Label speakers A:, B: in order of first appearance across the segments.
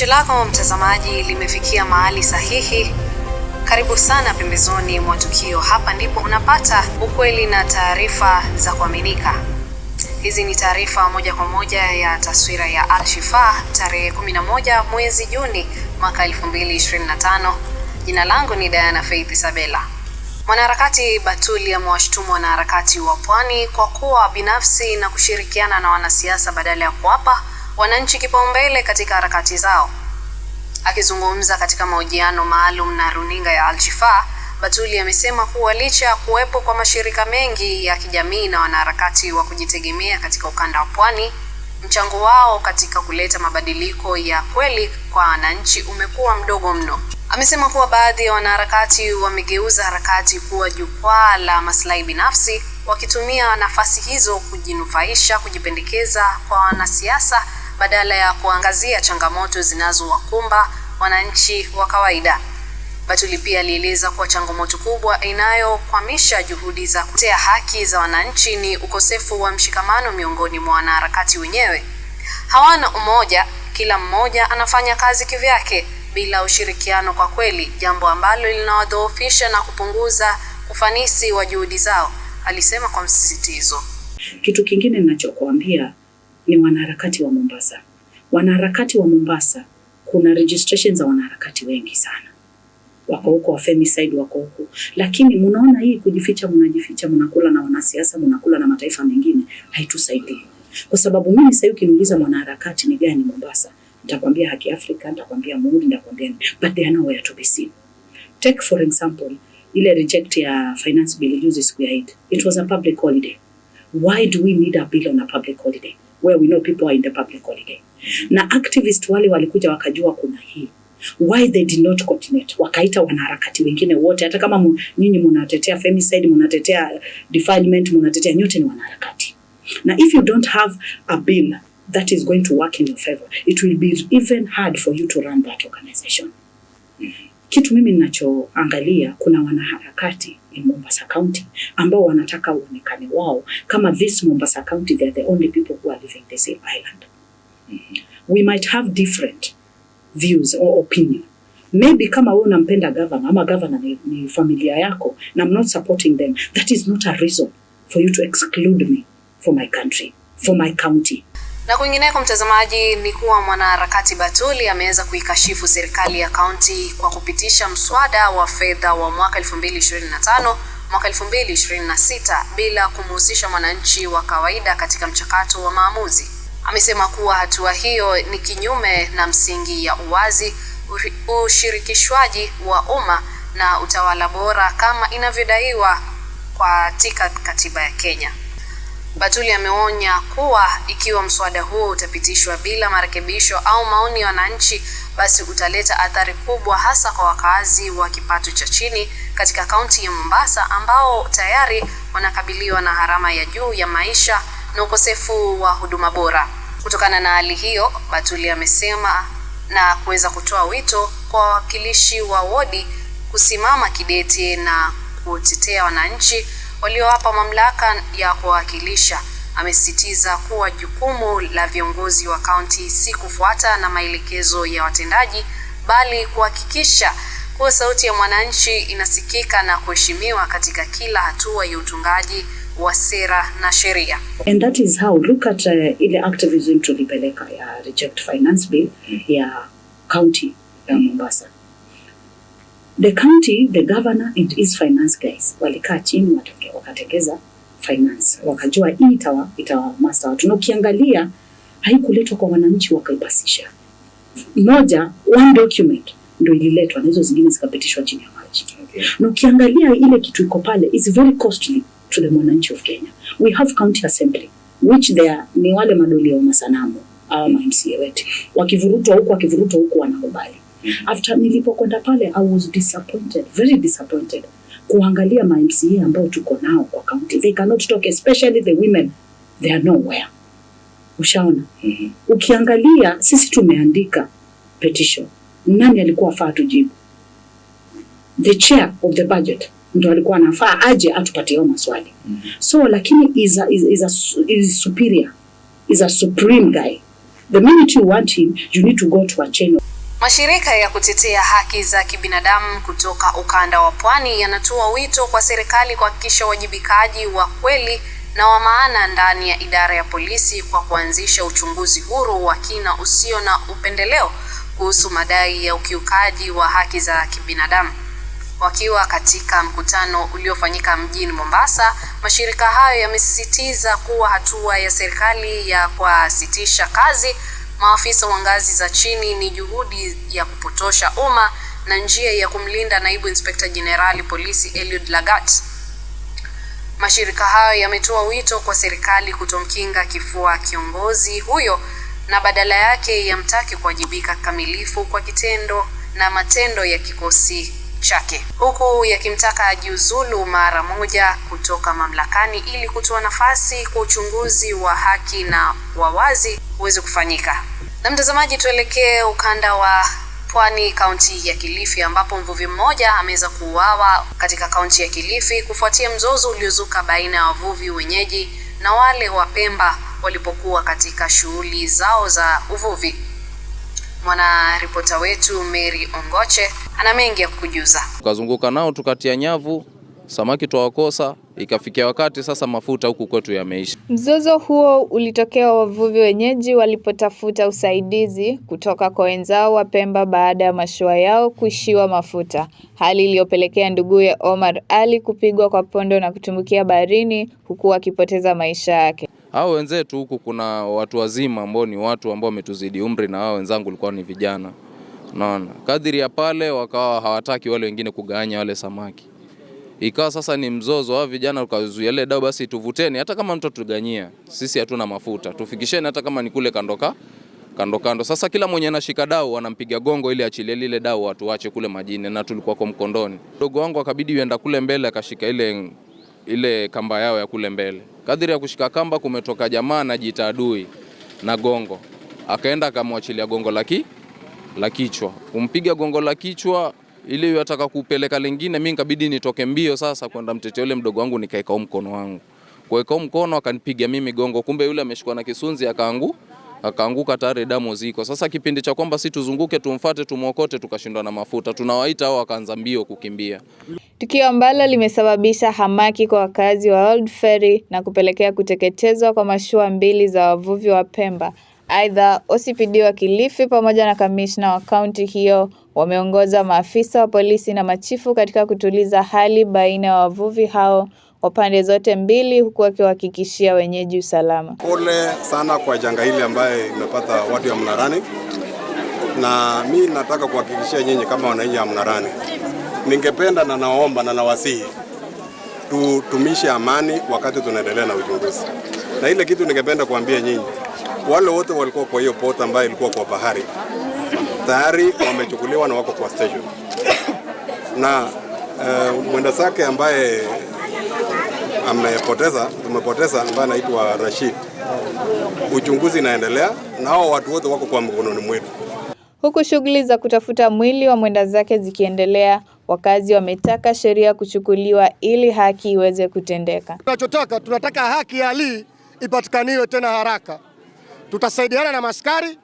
A: Jicho lako mtazamaji limefikia mahali sahihi. Karibu sana pembezoni mwa tukio. Hapa ndipo unapata ukweli na taarifa za kuaminika. Hizi ni taarifa moja kwa moja ya taswira ya al tarehe 11 mwezi Juni mwaka 2025. Jina langu ni Diana Faith Isabella. Mwanaharakati Batuli amewashtumu wanaharakati wa Pwani kwa kuwa binafsi na kushirikiana na wanasiasa badala ya kuwapa wananchi kipaumbele katika harakati zao. Akizungumza katika mahojiano maalum na runinga ya al Batuli amesema kuwa licha ya kuwepo kwa mashirika mengi ya kijamii na wanaharakati wa kujitegemea katika ukanda wa Pwani, mchango wao katika kuleta mabadiliko ya kweli kwa wananchi umekuwa mdogo mno. Amesema kuwa baadhi ya wanaharakati wamegeuza harakati kuwa jukwaa la maslahi binafsi, wakitumia nafasi hizo kujinufaisha, kujipendekeza kwa wanasiasa badala ya kuangazia changamoto zinazowakumba wananchi wa kawaida. Batuli pia alieleza kuwa changamoto kubwa inayokwamisha juhudi za kutetea haki za wananchi ni ukosefu wa mshikamano miongoni mwa wanaharakati wenyewe. Hawana umoja, kila mmoja anafanya kazi kivyake bila ushirikiano kwa kweli, jambo ambalo linawadhoofisha na kupunguza ufanisi wa juhudi zao, alisema kwa msisitizo.
B: Kitu kingine ninachokuambia ni wanaharakati wa Mombasa. Wanaharakati wa Mombasa kuna registration za wanaharakati wengi sana, wako huko wa femicide, wako huko lakini, mnaona hii kujificha, mnajificha, mnakula na wanasiasa, mnakula na mataifa mengine, haitusaidii kwa sababu mimi sasa, ukiniuliza mwanaharakati ni gani Mombasa, nitakwambia Haki Afrika, nitakwambia Muhuri, nitakwambia but they are nowhere to be seen. Take for example ile reject ya finance bill juzi siku ya Eid. It was a public holiday. Why do we need a bill on a public holiday? where we know people are in the public holiday. Mm-hmm. Na activist wale walikuja wakajua kuna hii why they did not coordinate, wakaita wanaharakati wengine wote, hata kama nyinyi munatetea femicide, munatetea defilement, munatetea nyote ni wanaharakati. Na if you don't have a bill that is going to work in your favor, it will be even hard for you to run that organization. Mm-hmm. Kitu mimi ninachoangalia, kuna wanaharakati in Mombasa County ambao wanataka uonekane wao kama this Mombasa County, they are the only people who are living the same island. We might have different views or opinion maybe kama wewe unampenda governor ama governor ni, ni familia yako na I'm not supporting them, that is not a reason for you to exclude me for my country, for my county.
A: Na kwingineko, mtazamaji, ni kuwa mwanaharakati Batuli ameweza kuikashifu serikali ya kaunti kwa kupitisha mswada wa fedha wa mwaka 2025 mwaka 2026 bila kumhusisha mwananchi wa kawaida katika mchakato wa maamuzi. Amesema kuwa hatua hiyo ni kinyume na msingi ya uwazi, ushirikishwaji wa umma na utawala bora kama inavyodaiwa katika katiba ya Kenya. Batuli ameonya kuwa ikiwa mswada huo utapitishwa bila marekebisho au maoni ya wananchi, basi utaleta athari kubwa hasa kwa wakazi wa kipato cha chini katika kaunti ya Mombasa ambao tayari wanakabiliwa na gharama ya juu ya maisha na ukosefu wa huduma bora. Kutokana na hali hiyo, Batuli amesema na kuweza kutoa wito kwa wawakilishi wa wodi kusimama kidete na kutetea wananchi waliowapa mamlaka ya kuwakilisha Amesisitiza kuwa jukumu la viongozi wa kaunti si kufuata na maelekezo ya watendaji, bali kuhakikisha kuwa sauti ya mwananchi inasikika na kuheshimiwa katika kila hatua ya utungaji wa sera na sheria.
B: And that is how look at uh, ile activism tulipeleka ya reject finance bill ya county ya Mombasa. The county, the governor and his finance guys walikaa chini wakatekeza finance, wakajua hii itawa itawa master watu, na ukiangalia haikuletwa kwa wananchi, wakaipasisha moja, one document ndo ililetwa na hizo zingine zikapitishwa chini ya maji. Okay. Na ukiangalia ile kitu iko pale is very costly to the mwananchi of Kenya. We have county assembly which there ni wale madoli ya masanamu au MCA wetu wakivurutwa huku wakivurutwa huku wanakubali Mhm. After nilipokwenda pale I was disappointed, very disappointed kuangalia ma MCA ambao tuko nao kwa county. They cannot talk, especially the women. They are nowhere. Ushaona? mm -hmm. Ukiangalia sisi tumeandika petition, nani alikuwa faa tujibu? The chair of the budget ndo alikuwa anafaa aje atupatie maswali. mm -hmm. So lakini is a, is, is a, is superior is a supreme guy. The minute you want him you need to go to a channel
A: Mashirika ya kutetea haki za kibinadamu kutoka ukanda wa Pwani yanatoa wito kwa serikali kuhakikisha uwajibikaji wa kweli na wa maana ndani ya idara ya polisi kwa kuanzisha uchunguzi huru wa kina usio na upendeleo kuhusu madai ya ukiukaji wa haki za kibinadamu. Wakiwa katika mkutano uliofanyika mjini Mombasa, mashirika hayo yamesisitiza kuwa hatua ya serikali ya kuwasitisha kazi maafisa wa ngazi za chini ni juhudi ya kupotosha umma na njia ya kumlinda naibu inspekta jenerali polisi Eliud Lagat. Mashirika hayo yametoa wito kwa serikali kutomkinga kifua kiongozi huyo na badala yake yamtaki kuwajibika kamilifu kwa kitendo na matendo ya kikosi chake huku yakimtaka ajiuzulu mara moja kutoka mamlakani ili kutoa nafasi kwa uchunguzi wa haki na wawazi uweze kufanyika. Na mtazamaji, tuelekee ukanda wa pwani, kaunti ya Kilifi ambapo mvuvi mmoja ameweza kuuawa katika kaunti ya Kilifi kufuatia mzozo uliozuka baina ya wavuvi wenyeji na wale wa Pemba walipokuwa katika shughuli zao za uvuvi. Mwanaripota wetu Mary Ongoche ana mengi ya kukujuza.
C: Tukazunguka nao tukatia nyavu, samaki twawakosa, ikafikia wakati sasa mafuta huku kwetu yameisha.
D: Mzozo huo ulitokea wavuvi wenyeji walipotafuta usaidizi kutoka kwa wenzao wa Pemba baada ya mashua yao kuishiwa mafuta, hali iliyopelekea nduguye Omar Ali kupigwa kwa pondo na kutumbukia baharini huku akipoteza maisha yake.
C: Hao wenzetu huku kuna watu wazima ambao ni watu ambao wametuzidi umri, na wao wenzangu walikuwa ni vijana. Unaona, kadiri ya pale wakawa hawataki wale wengine kuganya wale samaki, ikawa sasa ni mzozo wa vijana, ukazuia ile dau, basi tuvuteni, hata kama mtu tutuganyia sisi, hatuna mafuta, tufikisheni hata kama ni kule kandoka kando kando. Sasa kila mwenye anashika dau anampiga gongo ili achilie lile dau, watu wache kule majini, na tulikuwa kwa mkondoni. Dogo wangu akabidi yenda kule mbele akashika ile ile kamba yao ya kule mbele. Kadiri ya kushika kamba, kumetoka jamaa anajiita adui na gongo, akaenda akamwachilia gongo laki la kichwa, kumpiga gongo la kichwa ili yataka kupeleka lingine. Mimi nikabidi nitoke mbio sasa kwenda mtetea yule mdogo wangu, nikaeka mkono wangu kuweka mkono, akanipiga mimi gongo, kumbe yule ameshikwa na kisunzi akaangu akaanguka tayari damu ziko. Sasa kipindi cha kwamba si tuzunguke tumfate tumwokote tukashindwa na mafuta, tunawaita hao wakaanza mbio kukimbia,
D: tukio ambalo limesababisha hamaki kwa wakazi wa Old Ferry na kupelekea kuteketezwa kwa mashua mbili za wavuvi wa Pemba. Aidha, OCPD wa Kilifi pamoja na kamishna wa kaunti hiyo wameongoza maafisa wa polisi na machifu katika kutuliza hali baina ya wavuvi hao wa pande zote mbili, huku wakiwahakikishia wenyeji usalama.
E: Pole sana kwa janga hili ambaye imepata watu ya Mnarani, na mi nataka kuhakikishia nyinyi kama wananchi wa Mnarani, ningependa na naomba na nawasihi tutumishe amani wakati tunaendelea na uchunguzi. Na ile kitu ningependa kuambia nyinyi, wale wote walikuwa kwa hiyo pota ambayo ilikuwa kwa bahari tayari wamechukuliwa na wako kwa station na uh, mwenda sake ambaye amepoteza tumepoteza ambaye anaitwa Rashid. Uchunguzi inaendelea na hao watu wote wako kwa mkononi mwetu.
D: Huku shughuli za kutafuta mwili wa mwenda zake zikiendelea, wakazi wametaka sheria kuchukuliwa ili haki iweze kutendeka.
F: Tunachotaka, tunataka haki ya Ali ipatikaniwe tena haraka. Tutasaidiana na maskari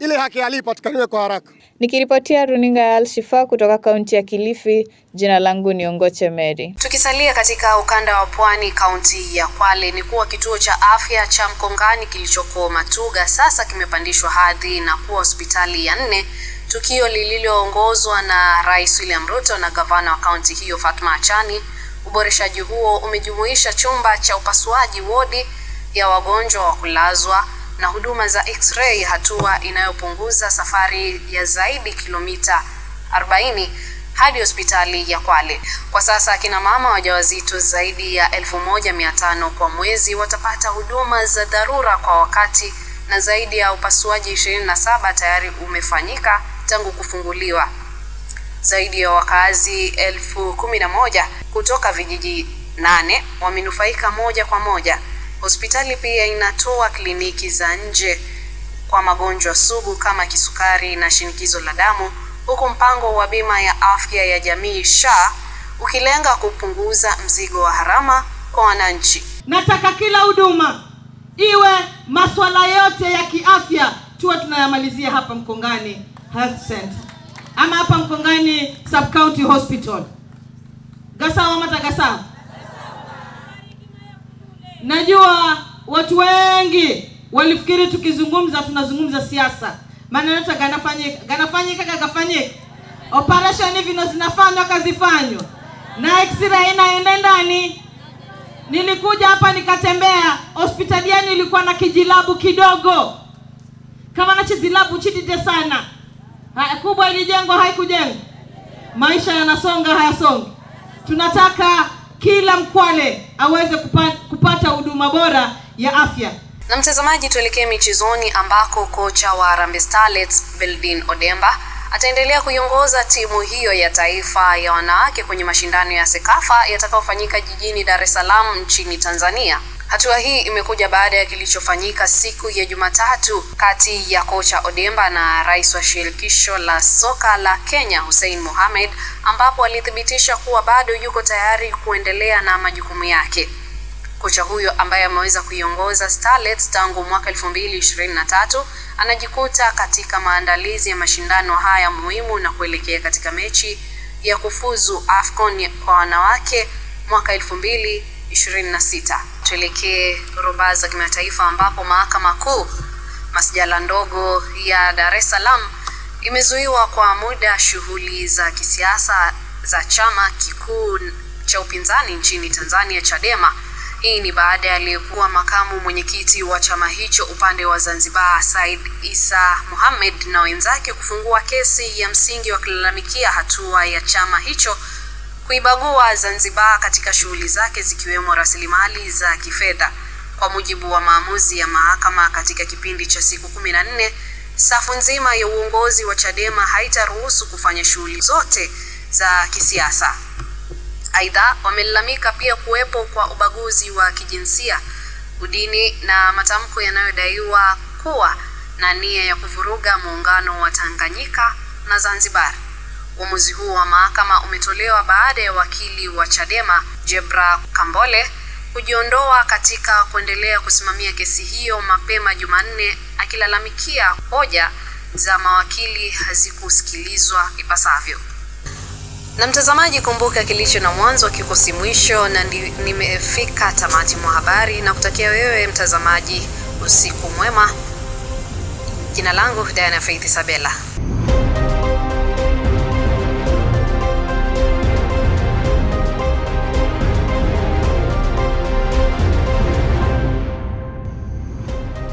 F: ili haki ya Ali ipatikaniwe kwa haraka.
D: Nikiripotia runinga ya Alshifa kutoka kaunti ya Kilifi, jina langu ni Ongoche Mary.
A: Tukisalia katika ukanda wa pwani, kaunti ya Kwale ni kuwa kituo cha afya cha Mkongani kilichokuwa Matuga sasa kimepandishwa hadhi na kuwa hospitali ya nne, tukio lililoongozwa na Rais William Ruto na gavana wa kaunti hiyo Fatma Achani. Uboreshaji huo umejumuisha chumba cha upasuaji, wodi ya wagonjwa wa kulazwa na huduma za x-ray, hatua inayopunguza safari ya zaidi kilomita 40 hadi hospitali ya Kwale. Kwa sasa akina mama wajawazito zaidi ya 1500 kwa mwezi watapata huduma za dharura kwa wakati na zaidi ya upasuaji 27 tayari umefanyika tangu kufunguliwa. Zaidi ya wakazi elfu kumi na moja kutoka vijiji nane wamenufaika moja kwa moja. Hospitali pia inatoa kliniki za nje kwa magonjwa sugu kama kisukari na shinikizo la damu, huku mpango wa bima ya afya ya jamii SHA ukilenga kupunguza mzigo wa harama kwa wananchi.
G: Nataka kila huduma iwe masuala yote ya kiafya tuwa tunayamalizia hapa Mkongani Health Center ama hapa Mkongani Sub County Hospital Gasawa gasawa. Najua watu wengi walifikiri tukizungumza tunazungumza siasa, maana yote ganafanyika ganafanyika operation hivi vino zinafanywa kazifanywa, na eksira inaenda ndani. Nilikuja hapa nikatembea hospitali yenu, ilikuwa na kijilabu kidogo kama na chizilabu chidite sana haya, kubwa ilijengwa haikujengwa. Maisha yanasonga hayasongi, tunataka kila mkwale aweze kupata huduma bora ya afya.
A: Na mtazamaji, tuelekee michezoni ambako kocha wa Harambee Starlets Beldin Odemba ataendelea kuiongoza timu hiyo ya taifa ya wanawake kwenye mashindano ya Sekafa yatakayofanyika jijini Dar es Salaam nchini Tanzania. Hatua hii imekuja baada ya kilichofanyika siku ya Jumatatu kati ya kocha Odemba na rais wa shirikisho la soka la Kenya Hussein Mohamed, ambapo alithibitisha kuwa bado yuko tayari kuendelea na majukumu yake. Kocha huyo ambaye ameweza kuiongoza Starlets tangu mwaka 2023 anajikuta katika maandalizi ya mashindano haya muhimu na kuelekea katika mechi ya kufuzu AFCON kwa wanawake mwaka 2026 tuelekee roba za kimataifa ambapo mahakama kuu masjala ndogo ya Dar es Salaam imezuiwa kwa muda shughuli za kisiasa za chama kikuu cha upinzani nchini Tanzania Chadema. Hii ni baada ya aliyekuwa makamu mwenyekiti wa chama hicho upande wa Zanzibar Said Isa Mohamed na wenzake kufungua kesi ya msingi wakilalamikia hatua ya chama hicho kuibagua Zanzibar katika shughuli zake zikiwemo rasilimali za kifedha. Kwa mujibu wa maamuzi ya mahakama, katika kipindi cha siku kumi na nne safu nzima ya uongozi wa Chadema haitaruhusu kufanya shughuli zote za kisiasa. Aidha, wamelalamika pia kuwepo kwa ubaguzi wa kijinsia, udini na matamko yanayodaiwa kuwa na nia ya kuvuruga muungano wa Tanganyika na Zanzibar. Uamuzi huo wa mahakama umetolewa baada ya wakili wa Chadema Jebra Kambole kujiondoa katika kuendelea kusimamia kesi hiyo mapema Jumanne, akilalamikia hoja za mawakili hazikusikilizwa ipasavyo. Na mtazamaji, kumbuka kilicho na mwanzo kikosi mwisho, na nimefika tamati mwa habari na kutakia wewe mtazamaji usiku mwema. Jina langu Diana Faith Sabela.